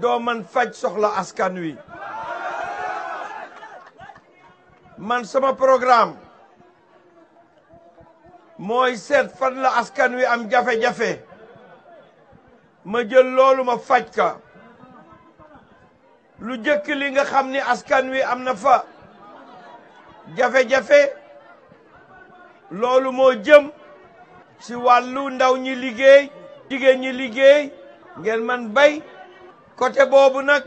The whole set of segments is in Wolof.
doo man faj soxla askan wi man sama programme mooy seet fan askan wi am jafe-jafe ma jël loolu ma faj ka lu jëkk li nga xam ni askan wi am na fa jafe-jafe loolu moo jëm ci wàllu ndaw ñi liggéey jigéen ñi liggéey ngeen man bay côté boobu nag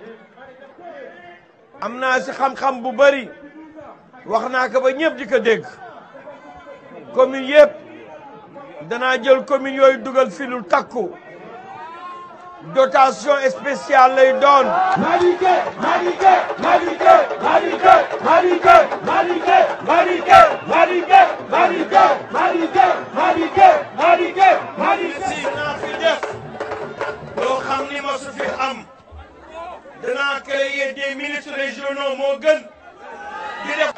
am naa si xam-xam bu bari wax naa ko ba ñëpp di ko dégg commune yëpp danaa jël commune yooyu dugal fi lu takku dotation spéciale lay doon. Madické Madické Madické Madické des ministres régionaux moo gën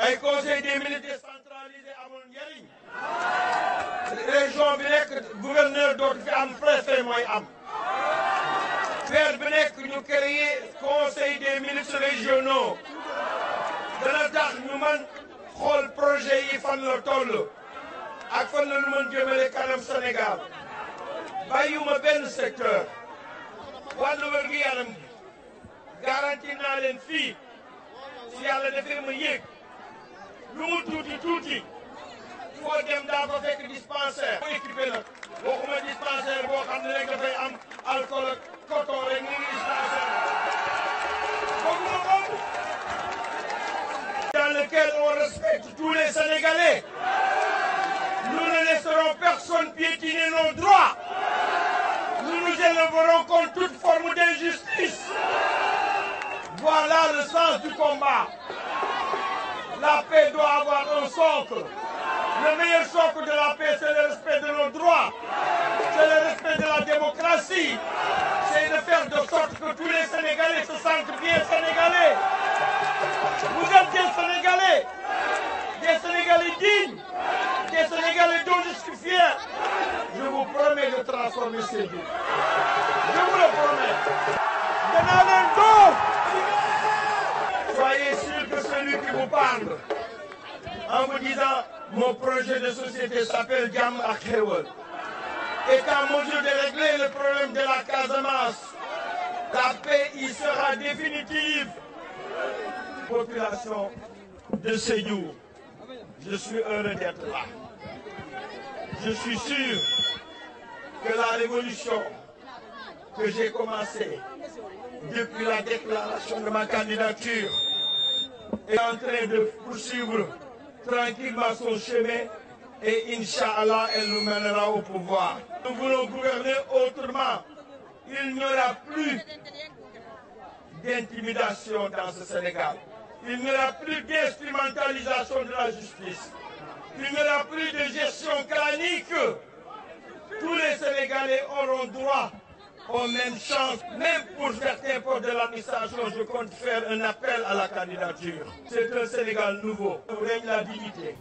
ay conseil des ministres décentralisé amul njëriñ région bi nekk gouverneur dootu fi am préfet mooy am faire bi nekk ñu créer conseil des ministres régionaux dana tax ñu mën xool projet yi fan la toll ak fan la ñu mën jëmale kanam Sénégal bàyyiwuma benn secteur wàllu wér-gu-yaram garanti naa leen fii si yàlla defee ma yéeg lu mu tuuti tuuti foo dem daa ko fekk dispensaire. boo équipé la waxuma dispensaire boo xam ne rek dafay am alcool ak coton rek mu ngi dispensaire waxuma boobu. dans lequel on respecte tous les Sénégalais. Nous ne laisserons personne piétiner nos droits. Nous nous élèverons contre Voilà le sens du combat. La paix doit avoir un socle. Le meilleur socle de la paix, c'est le respect de nos droits. C'est le respect de la démocratie. C'est de faire de sorte que tous les Sénégalais se sentent bien Sénégalais. Vous êtes des Sénégalais. Des Sénégalais dignes. Des Sénégalais dont je Je vous promets de transformer ces Je vous le promets. Soyez sûr que celui qui vous parle, en vous disant mon projet de société s'appelle Jàmm ak Xéwal, est en mesure de régler le problème de la Casamance. La paix y sera définitive. Population de Sédhiou, je suis heureux d'être là. Je suis sûr que la révolution que j'ai commencée depuis la déclaration de ma candidature est en train de poursuivre tranquillement son chemin et Inch'Allah, elle nous mènera au pouvoir. Nous voulons gouverner autrement. Il n'y aura plus d'intimidation dans ce Sénégal. Il n'y aura plus d'instrumentalisation de la justice. Il n'y aura plus de gestion clanique. Tous les Sénégalais auront droit aux mêmes chances, même pour certains postes de l'administration, je compte faire un appel à la candidature. C'est un Sénégal nouveau, où règne